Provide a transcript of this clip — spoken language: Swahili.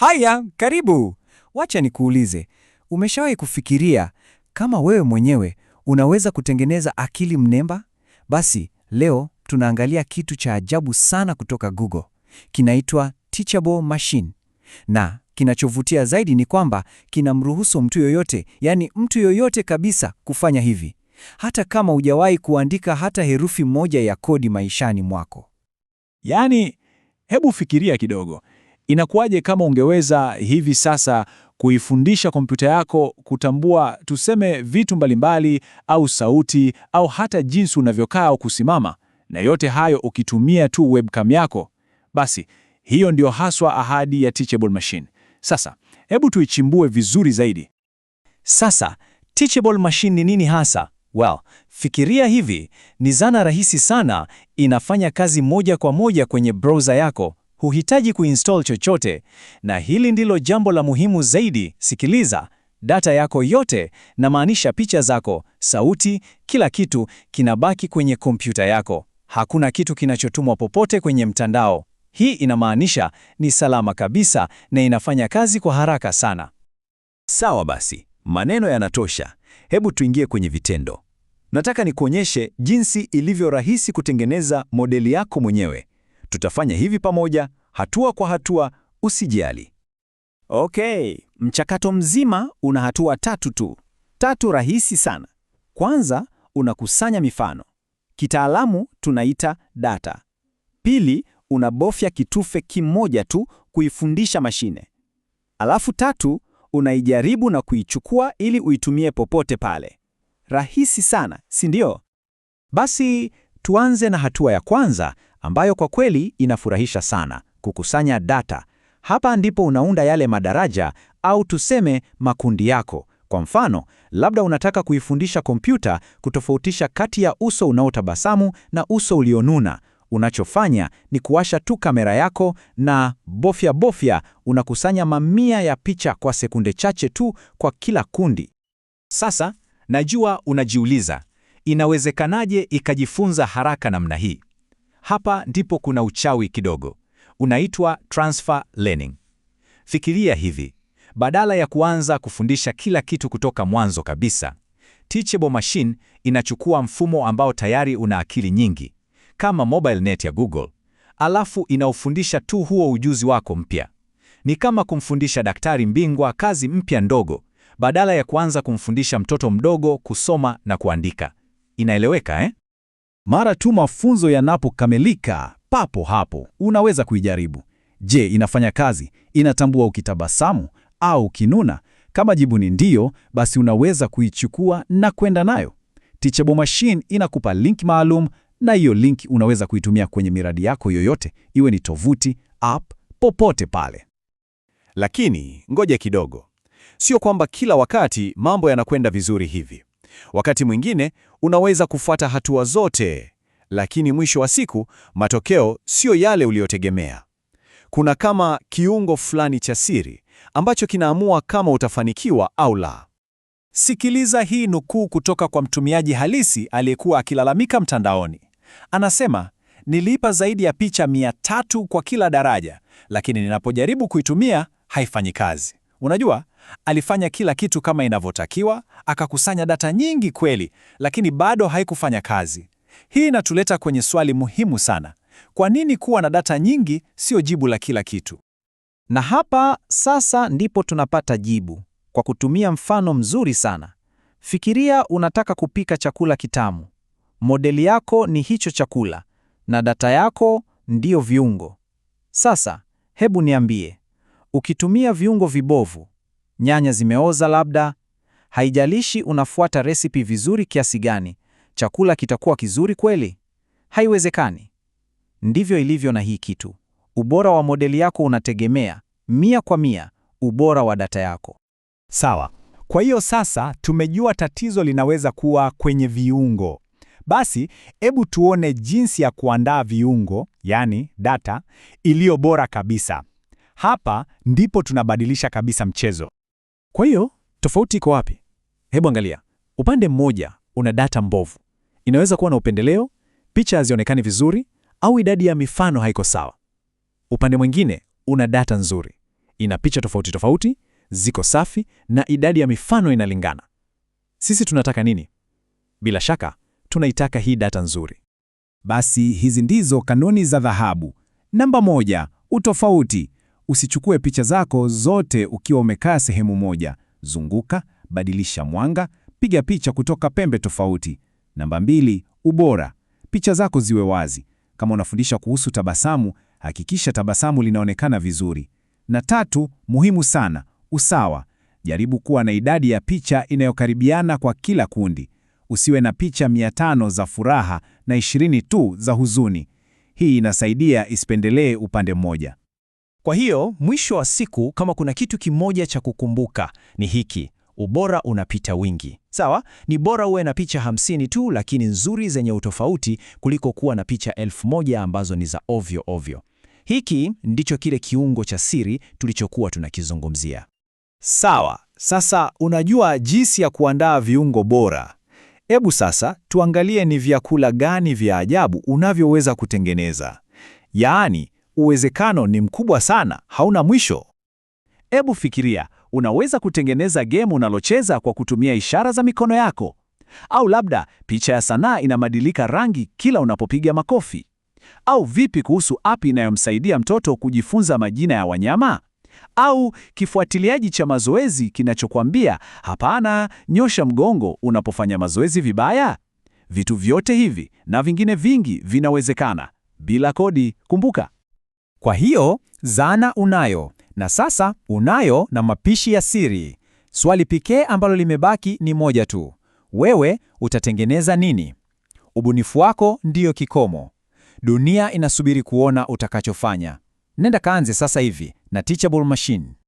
Haya, karibu. Wacha nikuulize, umeshawahi kufikiria kama wewe mwenyewe unaweza kutengeneza akili mnemba? Basi leo tunaangalia kitu cha ajabu sana kutoka Google. Kinaitwa Teachable Machine, na kinachovutia zaidi ni kwamba kinamruhusu mtu yoyote, yaani mtu yoyote kabisa, kufanya hivi, hata kama hujawahi kuandika hata herufi moja ya kodi maishani mwako. Yaani, hebu fikiria kidogo. Inakuwaje kama ungeweza hivi sasa kuifundisha kompyuta yako kutambua tuseme vitu mbalimbali au sauti au hata jinsi unavyokaa au kusimama, na yote hayo ukitumia tu webcam yako? Basi hiyo ndio haswa ahadi ya Teachable Machine. Sasa hebu tuichimbue vizuri zaidi. Sasa Teachable Machine ni nini hasa? Well, fikiria hivi, ni zana rahisi sana, inafanya kazi moja kwa moja kwenye browser yako huhitaji kuinstall chochote, na hili ndilo jambo la muhimu zaidi. Sikiliza, data yako yote, namaanisha picha zako, sauti, kila kitu kinabaki kwenye kompyuta yako. Hakuna kitu kinachotumwa popote kwenye mtandao. Hii inamaanisha ni salama kabisa na inafanya kazi kwa haraka sana. Sawa basi, maneno yanatosha. Hebu tuingie kwenye vitendo. Nataka nikuonyeshe jinsi ilivyo rahisi kutengeneza modeli yako mwenyewe. Tutafanya hivi pamoja, hatua kwa hatua, usijali. Okay, mchakato mzima una hatua tatu tu, tatu rahisi sana. Kwanza, unakusanya mifano, kitaalamu tunaita data. Pili, unabofya kitufe kimoja tu kuifundisha mashine. Alafu tatu, unaijaribu na kuichukua ili uitumie popote pale. Rahisi sana, si ndio? Basi tuanze na hatua ya kwanza ambayo kwa kweli inafurahisha sana, kukusanya data. Hapa ndipo unaunda yale madaraja au tuseme makundi yako. Kwa mfano, labda unataka kuifundisha kompyuta kutofautisha kati ya uso unaotabasamu na uso ulionuna. Unachofanya ni kuwasha tu kamera yako na bofya bofya, unakusanya mamia ya picha kwa sekunde chache tu kwa kila kundi. Sasa najua unajiuliza, inawezekanaje ikajifunza haraka namna hii? Hapa ndipo kuna uchawi kidogo, unaitwa transfer learning. Fikiria hivi, badala ya kuanza kufundisha kila kitu kutoka mwanzo kabisa, Teachable machine inachukua mfumo ambao tayari una akili nyingi kama net ya Google, alafu inaufundisha tu huo ujuzi wako mpya. Ni kama kumfundisha daktari mbingwa kazi mpya ndogo, badala ya kuanza kumfundisha mtoto mdogo kusoma na kuandika. Inaeleweka eh? Mara tu mafunzo yanapokamilika, papo hapo unaweza kuijaribu. Je, inafanya kazi? Inatambua ukitabasamu au ukinuna? Kama jibu ni ndiyo, basi unaweza kuichukua na kwenda nayo. Teachable Machine inakupa link maalum, na hiyo link unaweza kuitumia kwenye miradi yako yoyote, iwe ni tovuti, app, popote pale. Lakini ngoja kidogo, sio kwamba kila wakati mambo yanakwenda vizuri hivi. Wakati mwingine unaweza kufuata hatua zote, lakini mwisho wa siku matokeo sio yale uliyotegemea. Kuna kama kiungo fulani cha siri ambacho kinaamua kama utafanikiwa au la. Sikiliza hii nukuu kutoka kwa mtumiaji halisi aliyekuwa akilalamika mtandaoni. Anasema, nilipa zaidi ya picha mia tatu kwa kila daraja, lakini ninapojaribu kuitumia haifanyi kazi. Unajua, alifanya kila kitu kama inavyotakiwa, akakusanya data nyingi kweli, lakini bado haikufanya kazi. Hii inatuleta kwenye swali muhimu sana. Kwa nini kuwa na data nyingi sio jibu la kila kitu? Na hapa sasa ndipo tunapata jibu kwa kutumia mfano mzuri sana. Fikiria unataka kupika chakula kitamu. Modeli yako ni hicho chakula na data yako ndiyo viungo. Sasa hebu niambie, Ukitumia viungo vibovu, nyanya zimeoza labda, haijalishi unafuata resipi vizuri kiasi gani, chakula kitakuwa kizuri kweli? Haiwezekani. Ndivyo ilivyo na hii kitu. Ubora wa modeli yako unategemea mia kwa mia ubora wa data yako. Sawa. Kwa hiyo sasa tumejua tatizo linaweza kuwa kwenye viungo. Basi hebu tuone jinsi ya kuandaa viungo, yani data iliyo bora kabisa. Hapa ndipo tunabadilisha kabisa mchezo. Kwa hiyo tofauti iko wapi? Hebu angalia, upande mmoja una data mbovu, inaweza kuwa na upendeleo, picha hazionekani vizuri, au idadi ya mifano haiko sawa. Upande mwingine una data nzuri, ina picha tofauti tofauti, ziko safi na idadi ya mifano inalingana. Sisi tunataka nini? Bila shaka tunaitaka hii data nzuri. Basi hizi ndizo kanuni za dhahabu. Namba moja, utofauti. Usichukue picha zako zote ukiwa umekaa sehemu moja. Zunguka, badilisha mwanga, piga picha kutoka pembe tofauti. Namba mbili, ubora. Picha zako ziwe wazi. Kama unafundisha kuhusu tabasamu, hakikisha tabasamu linaonekana vizuri. Na tatu, muhimu sana, usawa. Jaribu kuwa na idadi ya picha inayokaribiana kwa kila kundi. Usiwe na picha 500 za furaha na 20 tu za huzuni. Hii inasaidia isipendelee upande mmoja. Kwa hiyo mwisho wa siku, kama kuna kitu kimoja cha kukumbuka ni hiki: ubora unapita wingi. Sawa, ni bora uwe na picha hamsini tu lakini nzuri zenye utofauti kuliko kuwa na picha elfu moja ambazo ni za ovyo ovyo. Hiki ndicho kile kiungo cha siri tulichokuwa tunakizungumzia. Sawa, sasa unajua jinsi ya kuandaa viungo bora. Hebu sasa tuangalie ni vyakula gani vya ajabu unavyoweza kutengeneza. Yaani, uwezekano ni mkubwa sana, hauna mwisho. Ebu fikiria, unaweza kutengeneza gemu unalocheza kwa kutumia ishara za mikono yako, au labda picha ya sanaa inabadilika rangi kila unapopiga makofi. Au vipi kuhusu app inayomsaidia mtoto kujifunza majina ya wanyama, au kifuatiliaji cha mazoezi kinachokwambia hapana, nyosha mgongo unapofanya mazoezi vibaya? Vitu vyote hivi na vingine vingi vinawezekana bila kodi, kumbuka. Kwa hiyo zana unayo, na sasa unayo na mapishi ya siri. Swali pekee ambalo limebaki ni moja tu: wewe utatengeneza nini? Ubunifu wako ndiyo kikomo. Dunia inasubiri kuona utakachofanya. Nenda kaanze sasa hivi na Teachable Machine.